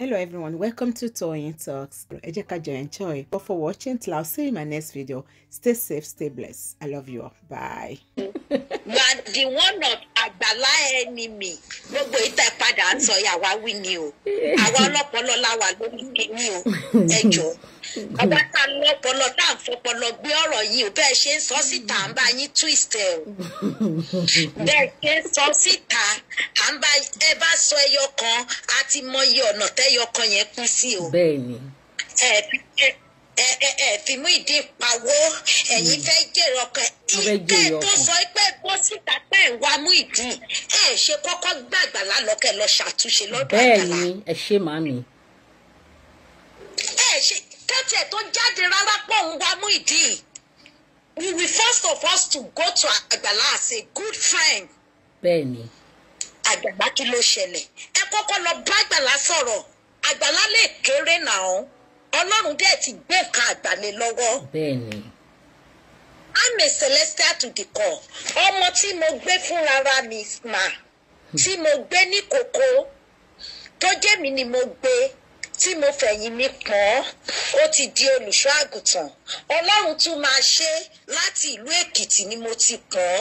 hello everyone welcome to toying talks ejeka enjoy but for watching till i'll see you in my next video stay safe stay blessed i love you all bye but the one àgbàlá ẹni mi gbogbo ìta ìpadà ń sọ yà wá wí ni o àwa ọlọ́pọlọ láwa lórí kìíní o ẹjọ àwa tá lọ́pọlọ tá à ń gbé ọ̀rọ̀ yìí o bẹ́ẹ̀ ṣe ń sọ síta à ń bá yín twist ẹ o bẹ́ẹ̀ ṣe ń sọ síta à ń bá ẹ bá sọ ẹyọ kan àti mọyì ọ̀nà tẹ́yọ kan yẹn kú sí o. bẹ́ẹ̀ni. ẹ ẹ ẹ ẹ ẹ fi mú ìdí ìpawó ẹ̀yin hmm. fẹ́ jèrè ọkàn ìkẹ́ tó sọ pé bó síta pẹ́ ń wá mú ìdí hmm. ẹ ṣe kọ́kọ́ gbàgbà lálọ́kẹ́ lọ ṣàtúnṣe lọ́dọ̀ àgbàlá. bẹ́ẹ̀ ni ẹ ṣe màmí. ẹ ṣe kẹ́tẹ̀ tó jáde rárá pọ̀ ń wá mú ìdí we will first of us to go to àgbàlá as a good friend. bẹ́ẹ̀ ni. àgbàlá kí ló ṣẹlẹ̀ ẹ kọ́kọ́ lọ bá àgbàlá sọ̀rọ̀ àgbàlá lè kéré náà ọlọ́run dẹ̀ ti gbé nǹkan àgbàlẹ̀ lọ́wọ́. bẹ́ẹ̀ni. i'm a celestial to the core ọmọ tí mo gbé fúnra mi mà tí mo gbé ní kókó tó jẹ́ mi ni mo gbé tí mo fẹ̀yìn mi pọ́n ó ti di olùṣọ́ àgùntàn ọlọ́run tún máa ṣe láti ìlú èkìtì ni mo ti pọ́n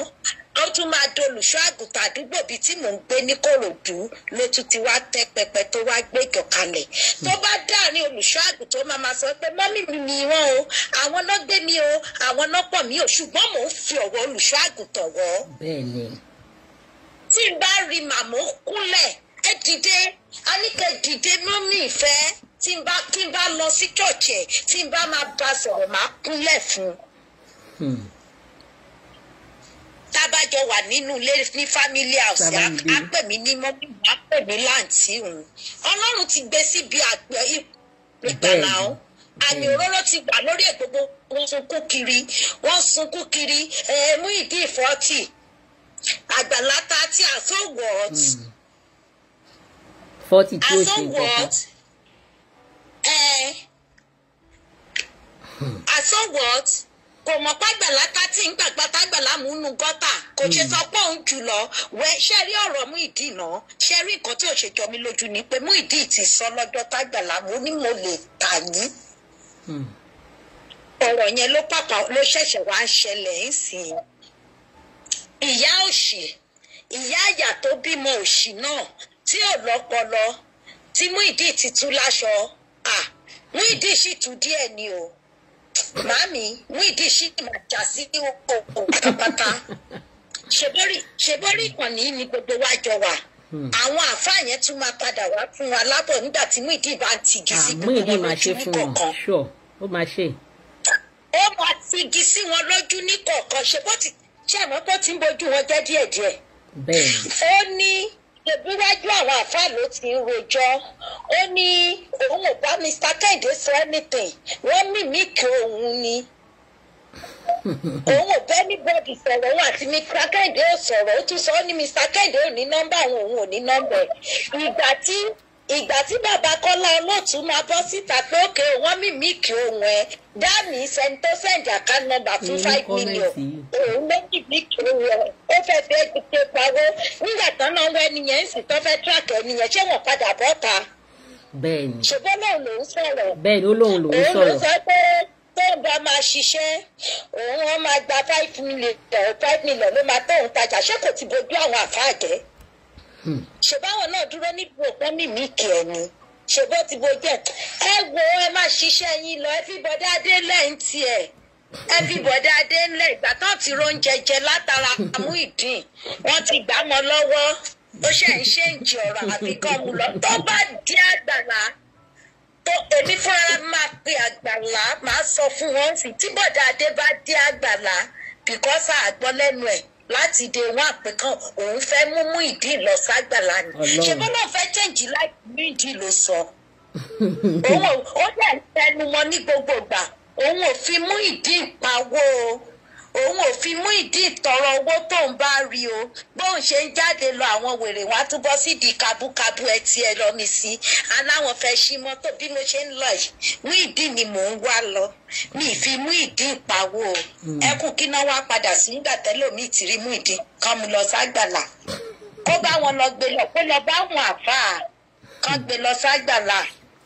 tó tún máa dolùṣọ́ àgùntàn àdúgbò bíi tí mò ń gbé ní Kòròdú ló tún ti wá tẹ́ pẹpẹ tó wá gbé ìkọ̀kalẹ̀ tó bá dáàrin olùṣọ́ àgùntàn máa máa sọ pé mọ́mí mi ni wọ́n o àwọn ló gbé mi o àwọn ló pọ̀ mí o ṣùgbọ́n mò ń fi ọ̀wọ́ olùṣọ́ àgùntàn wọ́. bẹ́ẹ̀ni. tí n bá rí màmú kúnlẹ̀ ẹ dìde a ní kẹ́ dìde mọ́mí ìfẹ́ tí n bá kí n bá lọ sí ṣọ́ọ̀ṣì tá wà nínú ilé ní family house á pè mí ní mọ́mí á pè mí láǹtí òun ọlọ́run ti gbé síbi àgbẹ̀ ìgbàlá ọ́ àmì òróró ti wà lórí ẹ̀ gbogbo sunkún kiri wọ́n sunkún kiri ẹ̀ ìdí ìfọ́tì àgbàlá thirty and so forty two ó ṣe nǹkan kan. and so what kò mọ̀ pàgbàlá ká tí ń gbàgbà tágbàlá mú nu gọ́tà kò ṣe hmm. sọ pé òun jùlọ wẹ ṣe rí ọ̀rọ̀ Muyideen náà ṣe rí nǹkan tí ò ṣe jọ mí lójú ni pé Muyideen ti sọ lọ́jọ́ tágbàlá mú ni mo lè tà yín hmm. ọ̀rọ̀ yẹn ló pàpà ló ṣẹ̀ṣẹ̀ wá ń ṣẹlẹ̀ ń sìn ìyá òṣì ìyá àyà tó bímọ òṣì náà tí ò lọ́pọlọ tí Muyideen ti tú láṣọ à Muyideen sì tú díẹ̀ ni o màámi wíìdì ṣì máa jà sí òkò pátápátá ṣèbórí ìkànnì ni gbogbo wa jọ wà hmm. àwọn àfáà yẹn tún máa padà wá fún wa lábọ̀ nígbà tí wíìdì bá ti jù sí ah, gbogbo wọn lójú kọ̀ọ̀kan ó máa ṣe. ó máa ti igi sí wọn lójú ní kọ̀ọ̀kan ṣe bó ti ṣe àmọ́ bó ti ń bójú wọn jẹ́ díẹ̀díẹ̀. ó ní ṣebí wájú àwọn àfa ló ti ń rojọ́ ó ní òun ò bá Mr. Kẹ́hìndé sọ anything wọ́n mímíkì òun ni òun ò bẹ́ ní sọ̀rọ̀ òun àti Mr. Kẹ́hìndé ò sọ̀rọ̀ ó tún sọ ọ́ ní Mr. Kẹ́hìndé ò ní nọ́mbà òun ò ní nọ́mbà ìgbà tí ìgbà tí bàbá Kọ́lá Olóòtú máa bọ́ síta pé òkè wọ́n mímíkì ohun ẹ̀ dání sẹ́ńtọ́sẹ̀ǹdì account number fún five million òun méjì mímíkì ohun ẹ̀ ó fẹ́ fẹ́ gbígbé pawó nígbà tán náà wọ́n ẹni yẹn ń sì tán fẹ́ track ẹni yẹn ṣé wọ́n padà bọ́ ta. bẹ́ẹ̀ni ṣùgbọ́n lóun lòún sọ̀rọ̀ bẹ́ẹ̀ni ó lóun lòún sọ̀rọ̀ òun ló sọ pé tóun bá máa ṣiṣẹ́ òun wọn máa gba five million five million ló máa tóun tajà ṣèbáwọn náà dúró níbi òpẹ́mì mi kì ẹ̀ ni ṣèbó ti bo jẹ́ ẹ wo ẹ má ṣiṣẹ́ yín lọ ẹ fi bọ́dá adé lẹ́yìn tiẹ̀ everybody adé ńlẹ̀ ìgbà tó ti róúnjẹ jẹ látara Muyideen wọ́n ti gbà mọ́ lọ́wọ́ ó ṣe ń ṣe ń jẹ ọ̀rọ̀ àbí kọ́ mu lọ tó bá di àgbàlá tó èmi fúnra máa pe àgbàlá máa sọ fún wọn sí tí bọ̀dá adé bá di àgbàlá bìkọ́sà àgbọ́ lẹ́nu ẹ̀ láti dé wá pé kan òun fẹ́ mú mú ìdí lọ ságbàlá ni ṣé bọ́lá fẹ́ chẹ́ǹjì láì mú ìdí ló sọ òun ò dẹ̀ tẹnu mọ́ ní gbogbo gbà òun ò fi mú ìdí ìpawó o òun ò fi mú ìdí ìtọrọ owó tóun bá rí o bóun ṣe ń jáde lọ àwọn wèrè wá túbọ̀ sídìí kábúkábú ẹ ti ẹ lọ mi sí aláwọn fẹ́ ṣí mọ́tò bí mo ṣe ń lọ yìí mú ìdí ni mò ń wá lọ mi fi mú ìdí ìpawó o hmm. ẹ kú kí náà wá padà sí nígbà tẹ́lómi ti rí mú ìdí kan mu lọ ságbàlá kó bá wọn lọ gbé lọ kó lọ bá wọn àfà kan gbé lọ ságbàlá.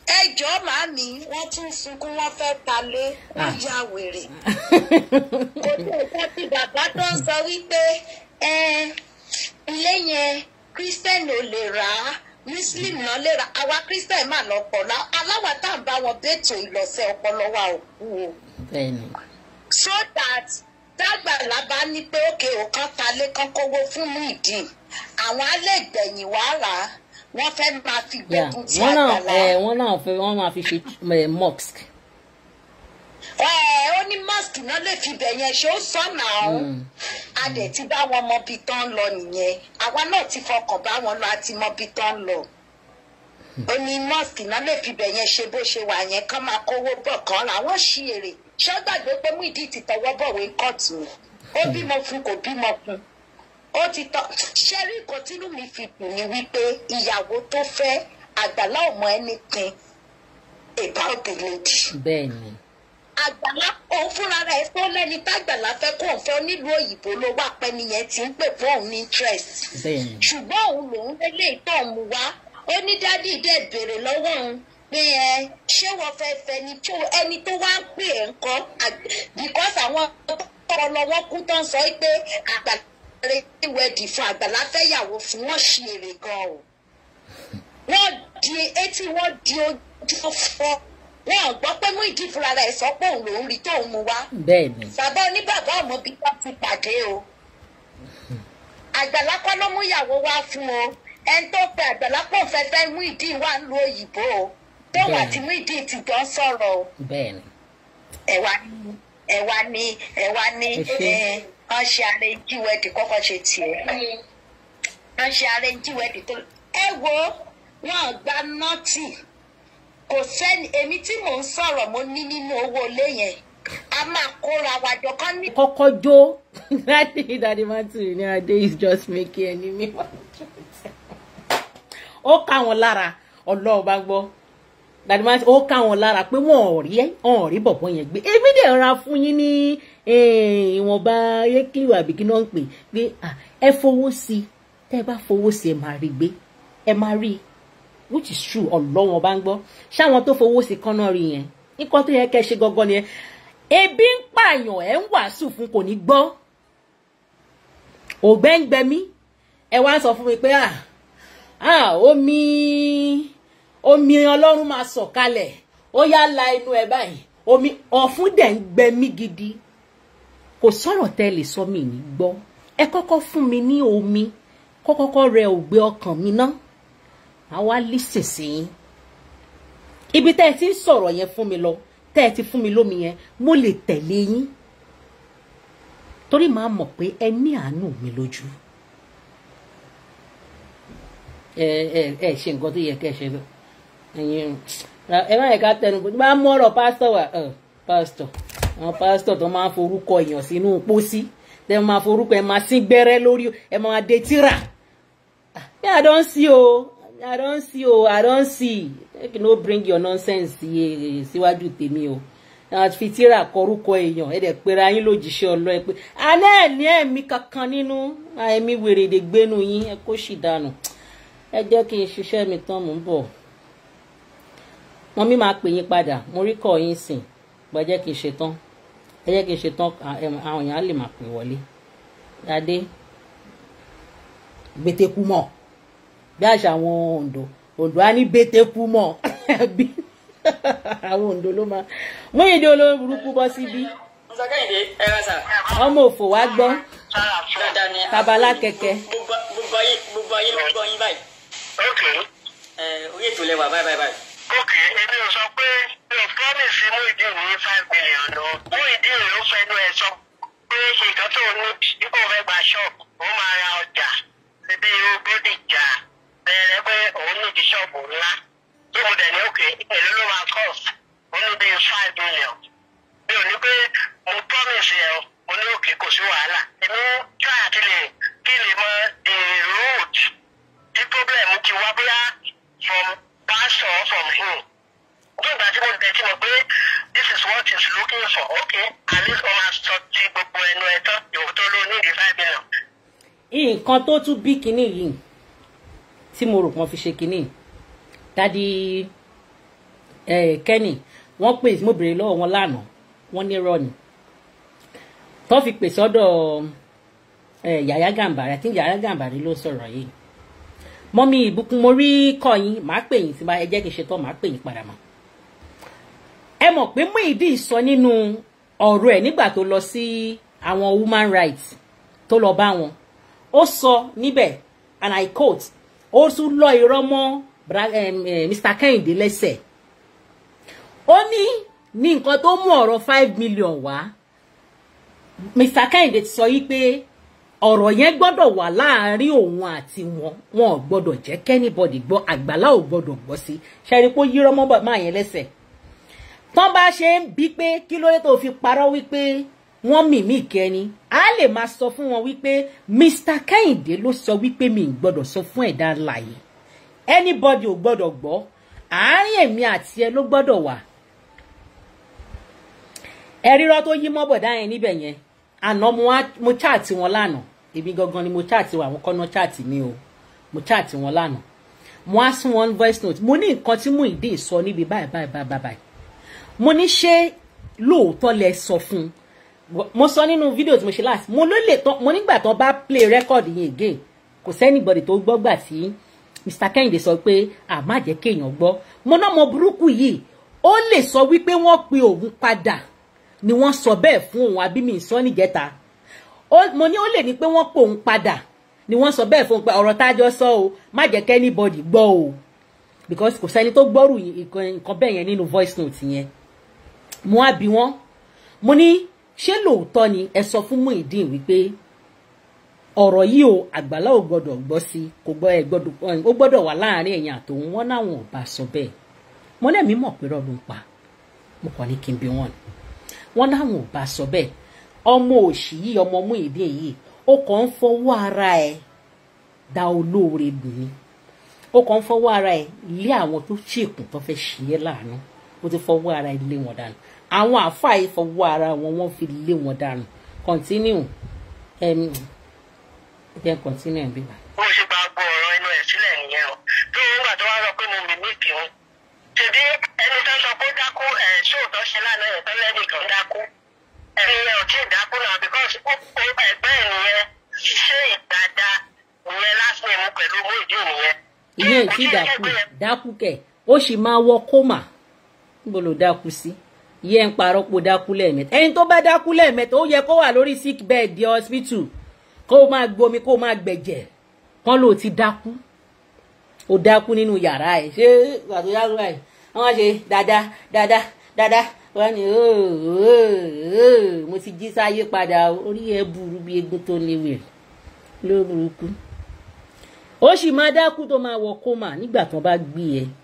ẹjọ màmí wọn tún sunkún wọn fẹ́ talé ah. wọn ya wèrè kò tó ìfẹ́ tí bàbá tó ń sọ wípé ẹ ilé yẹn kírísítẹ́nì ò lè rà á muslim náà lè rà á àwa kírísítẹ́nì mà lọ́pọ̀ aláwa tá à ń bá wọn bẹ́tò ìlọ̀sẹ̀ ọpọlọ wa ò kú o so that tágbàlá bá ní pé òkè òkan talé kan kówó fún Muyideen àwọn alẹ́ ìgbẹ̀yìn wàá rà á. wọ́n fẹ́ máa fi gbógun ti àgbàlá. Eh, wọ́n náà fẹ́ wọ́n máa fi ṣe eh, mosque. Eh, ó ní mosque náà lè fi bẹ̀ yẹn ṣe ó sọ̀nà ọ̀hún hmm. a dẹ̀ ti bá wọn mọ ibi tán lọ nìyẹn àwa náà ti fọkàn bá wọn lọ àti mọ ibi tán lọ hmm. ó ní mosque náà lè fi bẹ̀ yẹn ṣe bó ṣe wà yẹn kán máa kówó bọ̀ kán ra wọ́n ṣí èrè ṣọ́gbàgbé pé mú ìdí ìtìtọ́wọ́ bọ̀wé kọ́ọ̀tù ó hmm. bímọ fún kò bímọ fún ó ti tọ́ ṣẹ́rí nǹkan tínú mi fi kù ni wípé ìyàwó tó fẹ́ àgbàlá ọmọ ẹni pin about the lady. bẹ́ẹ̀ni. àgbàlá òun fúnra rẹ̀ tó lẹ́ni tágbàlá fẹ́ kó òun fẹ́ nílùú òyìnbó ló wà pẹ́ nìyẹn ti ń pè fún òun ní interest. bẹ́ẹ̀ni. ṣùgbọ́n òun lòun lélẹ̀ ìtọ́ òun wá ó ní dádì dẹ̀ béèrè lọ́wọ́ òun pé ẹ ṣé wọ́n fẹ́ fẹ́ ni tó ẹni tó wá ń pè ẹ̀ ń kọ́ because àwọn ọpọlọ wọn kú tán sọ pé àgbàlá eré wẹ́ẹ̀dì fún àgbàlá fẹ́yàwó fún wọn ṣe èrè gan o wọ́n di etí wọ́n di ojú fọ́ wọn gbọ́ pé mú ìdí fúnra rẹ̀ sọ pé òun lòún rí tóun mú wá. bàbá oníbàbá ọmọ bí wọ́n ti pàdé o. àgbàlá kọ́ ló mú ìyàwó wá fún o ẹni tó pe àgbàlá pọ̀ fẹ́fẹ́ mú ìdí wà ń lo òyìnbó o tóun àti mú ìdí ti jọ ń sọ̀rọ̀ o. ẹ̀wà ni ẹ̀wà ni ẹ̀wà ni wọ́n ṣe arẹ́njí wẹ́ẹ̀dì kọ́kọ́ ṣe tiẹ̀ wọ́n ṣe arẹ́njí wẹ́ẹ̀dì tó ẹ wo wọ́n gba nọ́ọ̀tì kò sẹ́ni èmi tí mò ń sọ̀rọ̀ mo ní nínú owó ilé yẹn a máa kóra wa jọ kán ní. kọ́kọ́ jó láti ìdádi mátìrì ní adé is just making any me, wá ó ká wọn lára ọlọ́ọ̀ bá gbọ́ dàdí mátìrì ó ká wọn lára pé wọ́n ò rí bọ̀bọ̀ yẹn gbé èmi dẹ̀ ra fún yín ní. Eh, ìwọ̀nba ayékìlì àbí kí náà ń pè pé ẹ fowó sí tẹ́ ẹ bá fowó sí ẹ máa rí gbé ẹ máa rí which is true ọlọ́wọ́n bá ń gbọ́ ṣáwọn tó fowó sí kánná rí yẹn nǹkan tó yẹ kẹ́ ṣe gangan ni ẹ ebi ń pààyàn ẹ ń wàásù fún kò ní gbọ́ ògbẹ́ngbẹ́mí ẹ wá sọ fún mi pé omi omi ọlọ́run máa sọ̀ kalẹ̀ ó yá la inú ẹ báyìí omi ọ̀fun dẹ̀ ń gbẹmí gidi kò sọ̀rọ̀ tẹ́ lè sọ mí ní gbọ́ ẹ kọ́kọ́ fún mi ní omi kọ́kọ́kọ́ rẹ ògbé ọkàn mi ná màá wá lì sèsìn ibi tẹ́ ẹ ti ń sọ̀rọ̀ yẹn fún mi lọ tẹ́ ẹ ti fún mi lómi yẹn mo lè tẹ̀lé yín torí màá mọ̀ pé ẹ ní àánú mi lójú ẹ ẹ ẹ ṣe nǹkan tó yẹ kẹ́ ṣe lọ ẹ má yẹ ká tẹnu bá mú ọ̀rọ̀ pásítọ̀ wá pásítọ̀ àwọn pásítọ̀ tó máa ń forúkọ èèyàn sínú pósí tẹ́ máa forúkọ ẹ̀ máa sín gbẹ́rẹ́ lórí ẹ̀ máa de tíra bí ah, i don see o i don see o i don see make you no bring your nonsense síwájú tèmi o fi tíra kọrúkọ èèyàn ẹ̀ dẹ̀ pera yín lójíṣẹ́ ọlọ́ọ̀ pé alẹ́ ẹ̀ ní ẹ̀mí kankan nínú ẹ̀mí wèrèdè gbénu yín ẹ kó sì dànù ẹ jẹ́ kí n ṣiṣẹ́ mi tán mò ń bọ̀ mọ́mí máa pè yín padà mo rí kọ́ yín sìn gbọ́jẹ́ kí n ṣe tán ẹ jẹ́ kí n ṣe tán àwọn èèyàn á lè máa pè wọlé adé gbẹtẹkù mọ bí àṣà àwọn Ondo Ondo á ní gbẹtẹkù mọ bí àwọn Ondo ló máa Muyinde olórí burúkú bọ́ síbí ọmọ òfò wá gbọ́ tabala kẹkẹ. Ok, ayé gbogbo ayé ló ń gbọ́ yín báyìí. ok. orí ètò lẹwà ok èmi ò sọ pé mi ò promise Muyideen ní five million lọ Muyideen ló fẹnu ẹ sọ pé nǹkan tó ní dípò fẹ́ gba ṣọ́ọ̀bù ó máa ra ọjà síbi Bódìjà bẹ̀rẹ̀ pé òun ní di ṣọ́ọ̀bù ńlá tó mo dẹ̀ ní òkè èló ló máa cost ó ní bíi five million mi ò ní pé mo promise ẹ o ní òkè kò sí wàhálà èmi try àti lè kí lè mọ the root tí problem ti wá bóyá from pastor from him what he's looking for okay at least wọ́n máa ti gbogbo ẹnu ẹ̀ tán ló ní ìdí five million. nǹkan tó tún bí kinní yìí tí mo rò pọ́n fi ṣe kinní dádì Kenny wọ́n pè mo béèrè lọ́wọ́ wọn lánàá wọ́n ní rọ́ọ̀nì tó fi pè sọ́dọ̀ Yàyà Gàmbàrí I think Yàyà Gàmbàrí ló sọ̀rọ̀ yìí mọ́mí ìbùkún mo rí kọ́ yín màá pè yín tí ẹ jẹ́ kí n ṣe tán màá pè yín padà mọ́ ẹ mọ̀ pé Muyideen sọ nínú ọ̀rọ̀ ẹ̀ nígbà tó lọ sí àwọn human rights tó lọ bá wọn ó sọ níbẹ̀ and I quote ó tún lọ irọ́ mọ́ eh, Mr. Kẹ́hìndé lẹ́sẹ̀ ó ní ní nǹkan tó mú ọ̀rọ̀ five million wá Mr. Kẹ́hìndé ti sọ yí pé ọ̀rọ̀ yẹn gbọ́dọ̀ wà láàárín òun àti wọn wọn ò gbọ́dọ̀ jẹ́ kẹ́nìbọ̀dì gbọ́ àgbàlá ò gbọ́dọ̀ gbọ́ sí ṣe é rí i pé ó yírọ́ mọ́ bàbá yẹn lẹ́sẹ̀ tán bá ṣe ń bí pé kí ló dé tó fi parọ́ wípé wọ́n mìmí kẹ́ni a lè máa sọ fún wọn wípé Mr. Kẹ́hìndé ló sọ wípé mi ì gbọ́dọ̀ sọ fún ẹ̀dá ńlá anybody ò gbọ́dọ̀ gbọ́ àárín èmi àti ẹ ló gbọ́dọ̀ wà ẹ rírọ́ tó yí mọ́bọ̀dá yẹn níbẹ̀ yẹn àná mo chaàtì wọn lánàá èmi gangan ni mo chaàtì wọn àwọn kọ́nà chaàtì mi o mo chaàtì wọn lánàá mo á sún wọn voice note mo ní nǹkan tí Muyideen sọ níbi báyìí báyìí báyìí báyìí mo ní ṣé lóòótọ́ lẹ sọ fún mo sọ nínú fídíò tí mo ṣe láti mo ló lè tán mo nígbà tán bá play record yẹn again kò sẹ́nìbọ̀dì tó gbọ́ gbà tí Mr. Kẹ́hìndé sọ pé à má jẹ́ kéèyàn gbọ́ mo náà mọ burúkú yìí ó lè sọ wípé wọ́n pe òun padà ni wọ́n sọ bẹ́ẹ̀ fún òun àbí mi sọ níjẹta mo ní ó lè ní pé wọ́n pe òun padà ni wọ́n sọ bẹ́ẹ̀ fún un pé ọ̀rọ̀ tá a jọ sọ o má jẹ́ kẹ́nìbọ̀dì gbọ́ o because kò sẹ́ni tó gbọ́rù nǹkan bẹ́ẹ̀ yẹn nínú voice note yẹn mo á bi wọ́n mo ní ṣé lóòótọ́ ni ẹ sọ fún Muyideen wípé ọ̀rọ̀ yìí o Àgbàlá ò gbọ́dọ̀ gbọ́ sí kò gbọ́ ẹ gbọ́dọ̀ ó gbọ́dọ̀ wà láàrin ẹ̀yìn àtòun wọn láwọn ò bá sọ bẹ́ẹ̀ mo lẹ́mìí mọ̀ pé rọ́ọ̀lù ń pa mo kàn ní kí n bi wọ́n ni wọ́n ò bá sọ bẹ́ẹ̀ ọmọ òṣì yìí ọmọ Muyideen yìí ó kàn ń fọwọ́ ara ẹ̀ da olóore dùn ni ó kàn ń fọwọ́ ara ẹ̀ lé àwọn tó ṣèkùn tó fẹ́ ṣe é láàánú ó ti fọwọ́ ara ẹ̀ lé wọn dànù àwọn àáfàá yìí fọwọ́ ara wọn wọ́n fi lé wọn dànù continue ẹ̀mí jẹ́ continue bí wa. wọ́n ṣe bá gbọ́ ọ̀rọ̀ ẹnu ẹ̀ sílẹ̀ nìyẹn o tó ń gbà tó wá sọ pé mo mì mí kì í tèmi ẹni tó sọ pé dákú ẹ̀ sóòtọ́ ṣe lánàá ẹ̀ tọ́lẹ́ nìkan dákú ẹni ẹ̀ ò tí ì dákú náà because ẹgbẹ́ ìnìyẹn ṣe ìdada ìyẹn lásìkò pẹ̀lú owó ìdí ìnìyẹn. ìyẹn ò tí ì dákú dákú kẹ̀ ó sì máa wọ kómà níbo ló dákú sí yẹ ń parọ́ pò dákú lẹ́ẹ̀mẹ́ta ẹni tó bá dákú lẹ́ẹ̀mẹ́ta ó yẹ kó wà lórí sick bed di hospital kó o máa gbomi kó o máa gbẹ̀jẹ̀ kán ló ti dákú ó dákú nínú yàrá ẹ̀ ṣé ìgbà tó yàrá ẹ̀ wọ́n ṣe dáadáa dáadáa dáadáa wọ́n ní mo ti jí sáyé padà orí ẹ̀ burú bí egun tó léwè ló burúkú ó sì máa dákú tó máa wọ kómà nígbà tó bá gbé ẹ̀. E.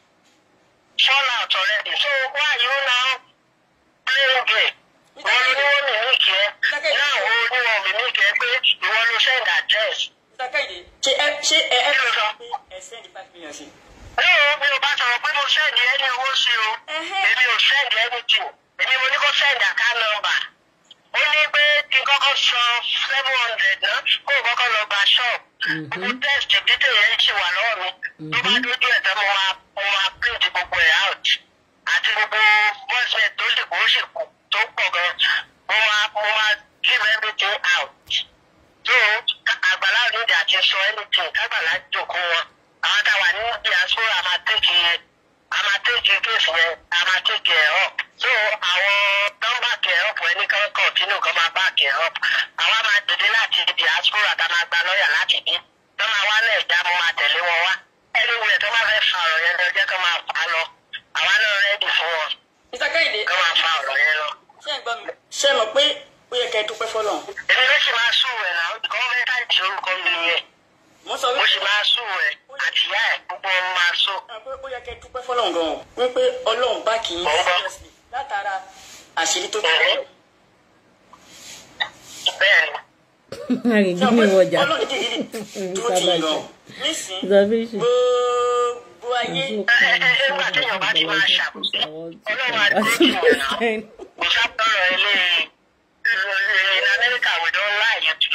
shown out already. So why you now playing game? Wọ́n ní wọ́n ní ní kí ẹ. Náà wọ́n ní wọ́n mi ní kí ẹ pé send address. Ṣé ẹ ṣé She she ló sọ pé She send five million sí? Lóòó mi ò bá sọ̀rọ̀ pé mo send you owó sí o. Èmi ò send anything. Èmi mo send kó send account number ó ní pé kí n kọ́kọ́ san seven hundred náà kó o kọ́kọ́ lọ gba ṣọ́ọ̀bù gbogbo mhm. test detail yẹn ṣì wà lọ́wọ́ mi tó bá mhm. dójú ẹ̀ tán mo máa mo máa print gbogbo ẹ̀ out àti gbogbo voice tó sì kó sì kù tó pọ̀ gan mo máa mo máa give everything out so àgbàlá òní ìdí àti sọ anything kágbàlá jòkó wọn àwọn táwa ní diaspora máa tẹ̀kì yẹn a máa tẹ́jú kéèsì I'm a máa up so àwọn nọ́mbà kẹ̀ up when ní kan kọ̀tínú kan máa bá up I want dìde láti diaspora tá a máa gba lọ́ọ̀yà láti bí tó máa wá náà ìjà mo máa tẹ̀lé wọn wá Don't wúlẹ̀ tó máa fẹ́ fa ọ̀rọ̀ yẹn lọ jẹ́ kó máa fà á lọ àwa náà rẹ́ẹ̀dì fún wọn kó máa fa ọ̀rọ̀ yẹn lọ. ṣé ẹ mọ̀ pé ó yẹ kẹ́ ẹ dúpẹ́ fọlọ́run. èmi ló ṣe máa sùn mo sì máa sùn rẹ àti ìyá ẹ gbogbo ọmọ máa sùn. Ah, ó yẹ kẹ́ dúpẹ́ fọlọ́run gan-an wípé ọlọ́run bá kì í sí látara àṣírí tó ti rẹ̀. bẹ́ẹ̀ni. ṣé ọlọ́run ti yí dúró ti yàn nísìnyí gbogbo ayé. ẹgbẹ́ eh, eh, eh, àtẹ̀yàn bá ti máa ṣàkóso ọlọ́run àti ìwọ̀n náà kò sábà rẹ̀ lé e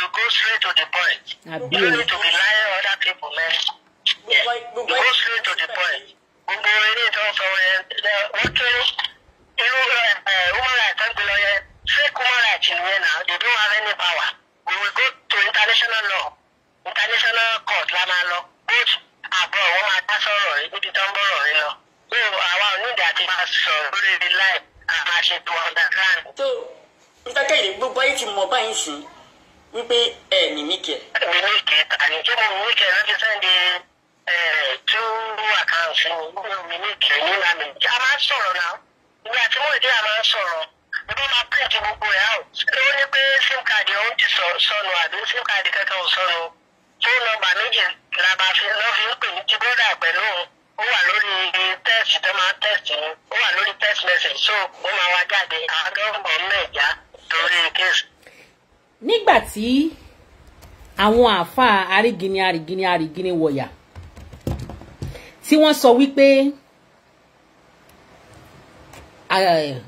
to go straight to the point. Àbí o. need to be lying other people man. Yes. Go straight to the point. Gbogbo eré ìtàn sọ̀rọ̀ yẹn wọ́n kéré. Irú eh, eh, human rights lọ yẹn fake human rights nìyẹn náà they don't have any power. We will go to international law international court la máa lọ court àbọ̀ wọn máa dá sọ̀rọ̀ níbi tó ń bọ̀rọ̀ yìí lọ. So àwa ò ní ìdí àti máa sọ̀rọ̀ lórí ilé láì àmàṣe to underground. Tó ń tẹ́tẹ̀ gbogbo ayé ti mọ̀ báyìí sí wípé ẹ ní níkẹ. níkẹ àní kí mo níkẹ ló ti sẹ́ndí two accounts mi mi níkẹ nílá mi. a máa ń sọ̀rọ̀ náà ìgbà tí mo dé a máa ń sọ̀rọ̀ ibi máa print gbogbo ẹ̀ out. ó ní pé sim card ọ̀hún ti sọnù àbí sim card kẹ́kẹ́ ò sọnù fóònù nọ́mbà méjì la máa fi lọ́ fi ń pè ní ti bọ́dà pẹ̀lú ó wà lórí tẹ́ẹ̀sì tó máa ń tẹ́ẹ̀sì ó wà lórí text message so ó máa wá jáde àádọ́gbọ̀n mẹ́ẹ̀já torí kéésì nígbà tí àwọn àáfàá arígini arígini arígini wọ̀yà tí wọ́n sọ wípé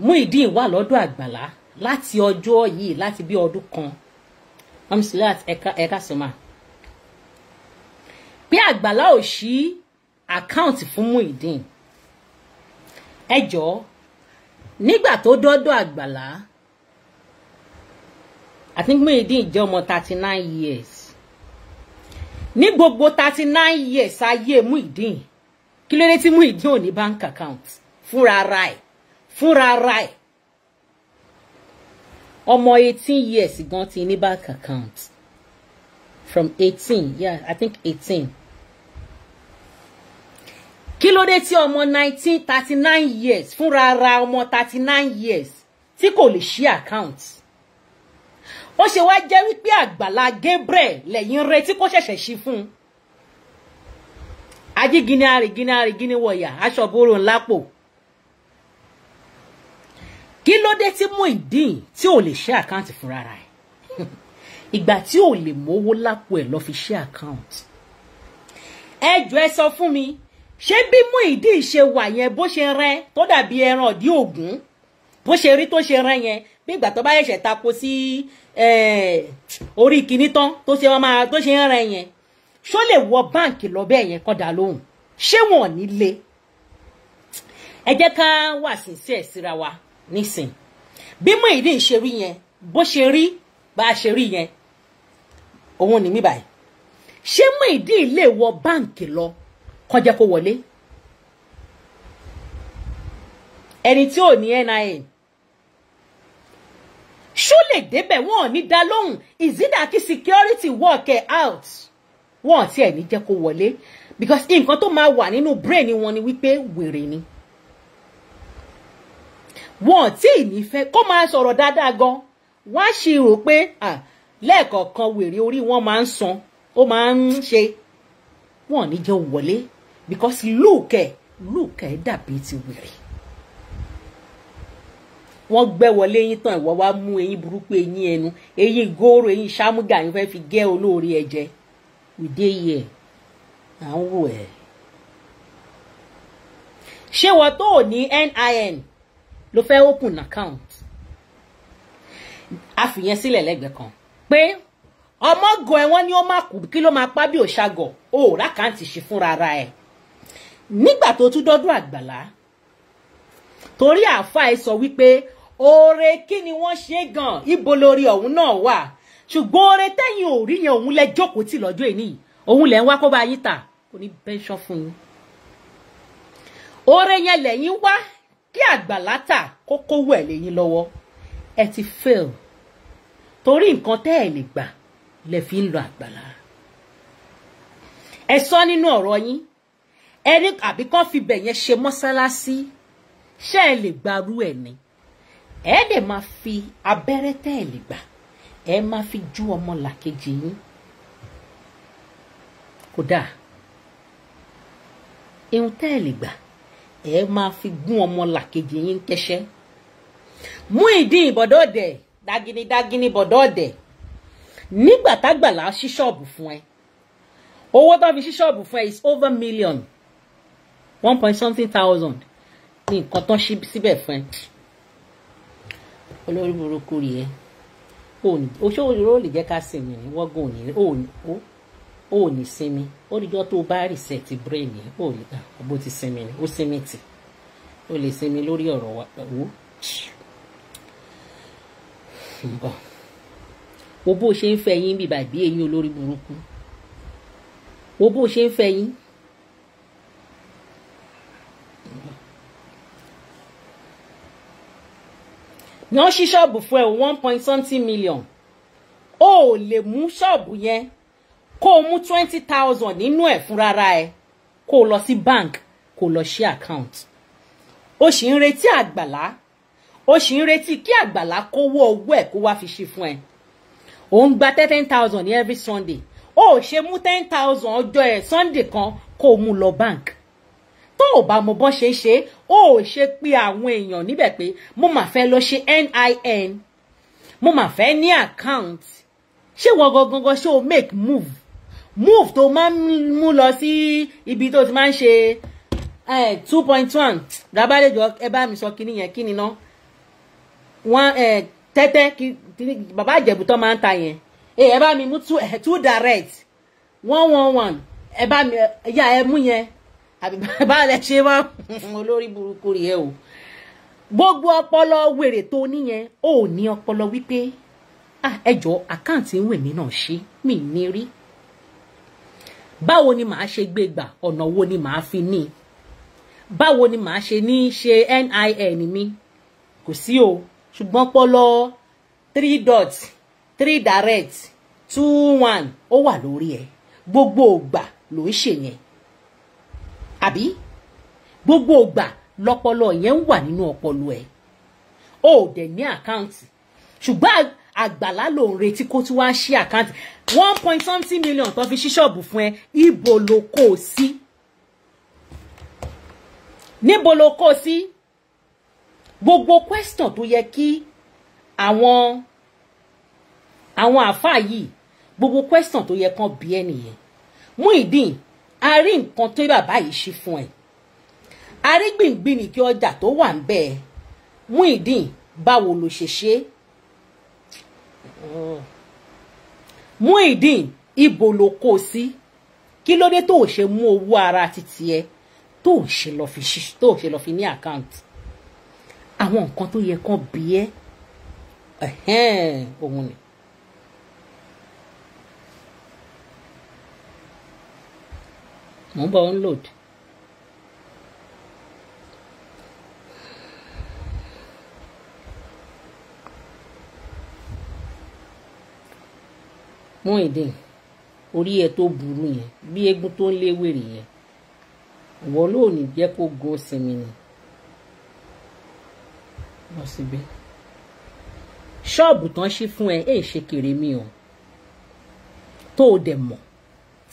Muyideen wà lọ́dọ̀ Àgbàlá láti ọjọ́ yìí láti bí ọdún kan amsilat ẹ̀ka sọ́mà pé Àgbàlá ò ṣí àkáǹtì fún Muyideen ẹ jọ̀ọ́ nígbà tó dọ́dọ̀ Àgbàlá. I think Muyideen jẹ́ ọmọ thirty 39 years ní gbogbo thirty nine years ayé Muyideen kí ló dé tí Muyideen ò ní bank account fúnra ara ẹ̀ fúnra ara ẹ̀ ọmọ eighteen years gan ti ní bank account from 18, yeah I think 18. kí ló dé tí ọmọ nineteen years fúnra ara ọmọ thirty nine years tí kò lè share account ó ṣe wá jẹ́ wípé àgbàlá Gabriel lẹ́yìn retí kó ṣẹ̀ṣẹ̀ ṣí fún un ajígini arìgini arìgini wọ̀yà aṣọ́bóró ńlá pò kí ló dé tí Muyideen tí ò lè ṣe àkáǹtì fúnra rẹ̀ ìgbà tí ò lè mówó lápò ẹ̀ lọ́ fi ṣe àkáǹtì ẹ jọ̀ọ́ ẹ sọ fún mi ṣé bí Muyideen ṣe wà yẹn bó ṣe rẹ tó dàbí ẹran ọ̀dí ògún bó ṣe rí tó ṣe rẹ yẹn bí ìgbà tó bá ṣẹ̀ṣẹ̀ tako sí orí kìíní tán tó ṣe wọn máa tó ṣe ń rẹ yẹn ṣó lè wọ báǹkì lọ bẹ́ẹ̀ yẹn kọ́ dà lóhùn ṣé wọn ò ní le ẹ jẹ́ ká wà sí sí ẹ̀ síra wa nísìn bí Muyideen ṣe rí yẹn bó ṣe rí bá a ṣe rí yẹn òun ni mí báyìí ṣé Muyideen lè wọ báǹkì lọ kọjá kó wọlé ẹni tí ò ní NIN ṣó lè débẹ̀ wọn ò ní dá lóhùn ìzídà kí security work out wọn ò tiẹ̀ ní jẹ́ kó wọlé because nǹkan tó máa wà nínú brain wọn ni wípé wèrè ni wọn ò tí ì ní fẹ́ kó máa sọ̀rọ̀ dáadáa gan wọ́n á ṣe rò pé lẹ́ẹ̀kọ̀ọ̀kan wèrè orí wọn máa ń san ó máa ń ṣe wọn ní jẹ́ wọlé because look ẹ̀ look ẹ̀ dàbí ti wèrè wọ́n gbẹ́ wọlé yín tán ìwọ wá mú eyín burúkú eyín ẹnu eyín góòrò eyín sámúgà yín fẹ́ fi gẹ́ olóore ẹ̀jẹ̀ ìdí eyín ẹ̀ à ń wò ẹ̀. ṣé wọ́n tó ò ní NIN ló fẹ́ open account a fìyẹn sílẹ̀ lẹ́gbẹ̀ẹ́ kan pé ọmọ gan ẹ wọ́n ní ó má kú kí ló máa pa bí òṣàgọ o ò rákàǹtì ṣe fúnra ara ẹ̀ nígbà tó tún dọ́dún àgbàlá torí àáfàá ẹ sọ wípé oore kí ni wọ́n ṣe gan ibo lórí ọ̀hún náà wà ṣùgbọ́n oore tẹ́yìn ò rí yẹn òun lẹ jókòó tì lọ́jọ́ èní òun lẹ̀ ń wá kó bá yín tà kò ní bẹ́ńṣán fún yín oore yẹn lẹ́yìn wá kí àgbàlá tà kó kówó ẹ̀ lẹ́yìn lọ́wọ́ ẹ ti fail torí nǹkan tẹ́ ẹ̀ lè gbà lẹ fi ń lo àgbàlá ẹ sọ nínú ọ̀rọ̀ yín ẹni àbí kán fi bẹ̀ yẹn ṣe mọ́sálásí ṣé ẹ lè gbarú ẹ̀ ni ẹ dẹ̀ máa fi abẹ́rẹ́ tẹ́ ẹ lè gbà ẹ máa fi ju ọmọ làkejì yín kódà ihun tẹ́ ẹ lè gbà ẹ máa fi gún ọmọ làkejì yín kẹsẹ́ Muyideen bọ̀dọ̀ ọ̀dẹ̀ dagini dagini bọ̀dọ̀ ọ̀dẹ̀ nígbà tágbàlá ṣí ṣọ́ọ̀bù fún ẹ owó tó fi ṣí ṣọ́ọ̀bù fún ẹ is over million one point something thousand ní nǹkan tó ṣí síbẹ̀ fún ẹ olórí burúkú rí ẹ oṣó ìró lè jẹ́ ká sinmi ní wọ́gùn òní ó ní sinmi ó níjọ́ tó bá rìsẹ̀tì bírèèni ó lè gbà ah, bó ti sinmi ni ó sinmi tì ó lè sinmi lórí ọ̀rọ̀ wa O bọ̀ wo bó ṣe ń fẹ́ yín bíbá ìbí eyín olórí burúkú wo bó ṣe ń fẹ́ yín. wọ́n ṣí ṣọ́ọ̀bù fún ẹ o one point something million o le lè mú ṣọ́ọ̀bù yẹn kó o mú twenty thousand nínú e fúnra ẹ si bank kó o lọ account o sì ń retí àgbàlá o sì ń retí kí àgbàlá kówó owó ẹ̀ kó wá fi ṣe fún ẹ o ń gba ten thousand every sunday o ò ṣe mú ten thousand ọjọ́ sunday kan kó o mú bank tó o bá mọ bọ́n ṣe ń ṣe ó ṣe pé àwọn èèyàn níbẹ̀ pé mo mà fẹ́ lọ ṣe NIN mo mà fẹ́ ní account ṣé wọ́n gangan ṣé o make move move tó máa ń mú lọ sí ibi tó ti máa ń ṣe two point one rabalẹjọ ẹ bá mi sọ kíní yẹn kíní náà wọn tẹ́tẹ́ bàbá àjẹ̀bù tó máa ń ta yẹn ẹ bá mi mú eh, two direct one one one ẹ bá mi ya ẹ mú yẹn àbí báwo lẹ ṣe mọ olórí burúkú rèé o gbogbo ọpọlọ wèrè tó níyẹn ò ní ọpọlọ wípé ah, ẹjọ àkáǹtì ń wèmí náà ṣe mí ní rí báwo ni màá ṣe gbé gbà ọ̀nà wo ni màá fi ní báwo ni màá ṣe ní ṣe NIN mi kò sí o ṣùgbọ́n pọlọ three dot three direct two one ó wà lórí ẹ gbogbo ògbà ló ń ṣèyẹn àbí gbogbo ògbà lọpọlọ yẹn ń wà nínú ọpọlọ ẹ o ò dẹ̀ ní àkáǹtì ṣùgbọ́n àgbàlá ló ń retí kó tún wáá ṣí àkáǹtì one point something million tó fi ṣí ṣọ́ọ̀bù fún ẹ ibo ló kó o sí níbo ló kó o sí gbogbo question tó yẹ kí àwọn àwọn àáfàá yìí gbogbo question tó yẹ kán bí ẹ nìyẹn Muyideen a rí nǹkan tó bàbá yìí ṣe fún ẹ a rí gbìngbìn kí ọjà tó wà ń bẹ Muyideen báwo ló ṣe ṣe Muyideen ibo ló kó o sí kí ló dé tó o ṣe mú owó ara títí ẹ tó o ṣe lọ fi tó o ṣe lọ fi ní àkáǹtì àwọn nǹkan tó yẹ kán bí ẹ òun ni. mò ń bọ̀ ń load. Muyideen orí ẹ tó burú yẹn bí eégún tó ń léwèrè yẹn ìwọ ló ní jẹ́ kó go sinmi ni lọ síbẹ̀ ṣọ́ọ̀bù tán ṣí fún ẹ ẹ ṣe kéré mi o tó o dẹ̀ mọ̀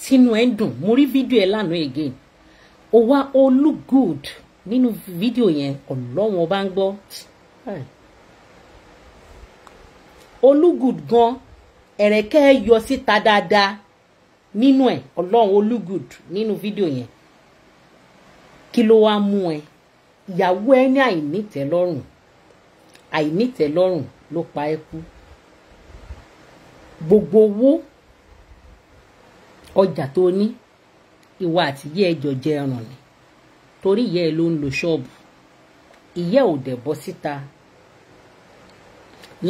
tínú ẹ̀ ń dùn mo rí fídíò ẹ̀ lánàá again ó wá ó look good nínú fídíò yẹn ọlọ́wọ́n ọba ń gbọ́ ó look good gan ẹ̀rẹ̀kẹ́ yọ síta dáadáa nínú ẹ̀ ọlọ́run ó look good nínú fídíò yẹn kí ló wá mú ẹ ìyàwó ẹ ní àìnítẹ́lọ́rùn àìnítẹ́lọ́rùn ló pa ẹ́ kú gbogbo owó ọjà tó ní ìwà àti ìyá ẹjọ jẹ ẹran ni torí ìyá ẹ ló ń lo ṣọ́ọ̀bù ìyá ò dẹ̀ bọ́ síta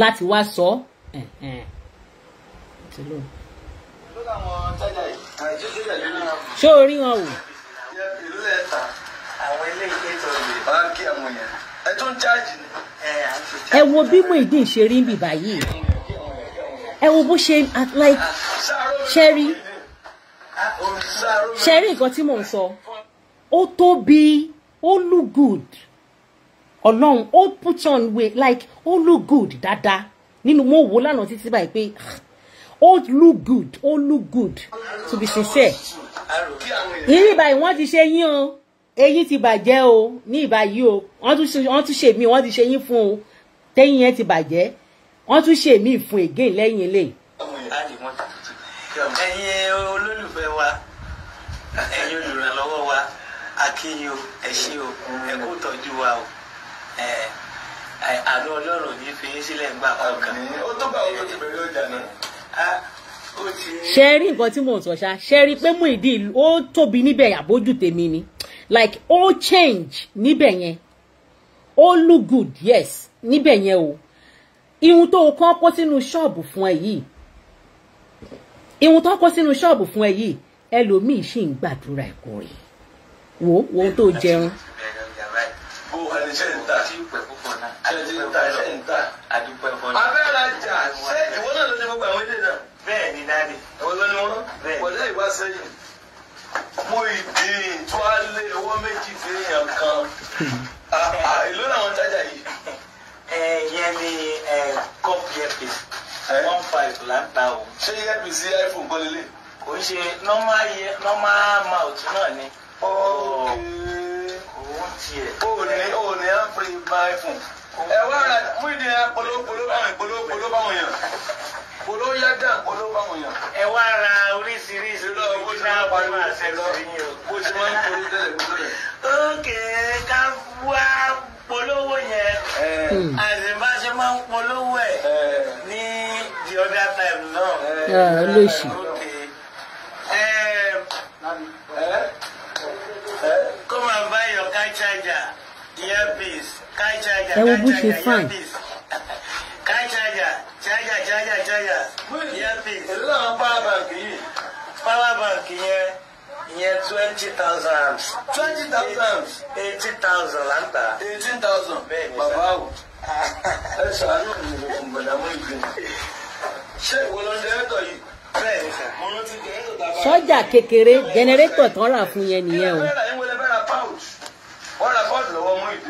láti wá sọ ṣé o rí wọn o. ẹ wo bí Muyideen ṣe rí bíbá yìí ẹ wo bó ṣe like ṣe rí ṣe rí nǹkan tí mò ń sọ ó tóbi ó look good ọlọ́run ó put on way like ó look good dáadáa nínú mo wò lánàá títí báyìí pé ó look good ó look good to be sincere yìí báyìí wọ́n ti ṣe yín o eyín ti bàjẹ́ o ní ìbáyìí o wọ́n tún ṣe mí wọ́n ti ṣe yín fún o tẹ́yìn yẹn ti bàjẹ́ wọ́n tún ṣe mí fún again lẹ́yìn eléyìí ẹ̀yin olólùfẹ́ wa ẹ̀yin olùrànlọ́wọ́ wa akínyìn o ẹ ṣé o ẹ kú tọ́jú wa o àánú ọlọ́run ní fi yín sílẹ̀ kankan. ó tó bá owó ti bẹ̀rẹ̀ ọjà náà ṣe rí nǹkan tí mò ń sọ ṣá ṣe rí pé Muyideen ó tóbi níbẹ̀ àbójú tèmi ni like ó change níbẹ̀ yẹn ó look good yes níbẹ̀ yẹn o ihun tó o kàn kó sínú ṣọ́ọ̀bù fún ẹ yìí ìhun tó kó sínú ṣọ́ọ̀bù fún ẹ yìí ẹlòmíì sì ń gbàdúrà ẹ̀kọ́ rẹ̀ wo wo tó jẹun. mo ìdí tó á lé owó méjì fèèyàn kan. ìlú ah, ah, làwọn tájà yìí. ẹ yẹn ni kọ́ọ̀pù yẹn pèsè one five là ń ta o. ṣé earpiece iphone kọ́ lélẹ̀. kò ń ṣe normal normal mouth náà ni. òun tiẹ̀. o ò ní o ò ní àpèrè iphone. ẹ wá ra mú ìdí ẹ polówó polówó báwọn polówó polówó báwọn yàn polówó yá dàn polówó báwọn yàn. ẹ wá ra oríṣiríṣi lọ bó ṣe máa parí máa ṣe lọ bó ṣe máa ń polú tẹ́lẹ̀ bó tẹ́lẹ̀. ókè ká wá polówó yẹn àti bá ṣe máa ń polówó ẹ̀ the other time náà. ẹ ẹ lóṣì. come and buy your car charger earpiece car charger car charger earpiece car charger charger charger charger earpiece. èlò àwọn power bank power bank yẹn yẹn twenty thousand amps. twenty thousand amps. eighty thousand la ń ta. eighteen thousand. bẹ́ẹ̀ ṣé ìwọ ló ń dẹ́rẹ́tọ̀ yìí. sọ́jà kékeré jẹnẹrétọ̀ tán rà fún yẹn nìyẹn o. wọ́n ra pọ́ọ̀tù lọ́wọ́ jáde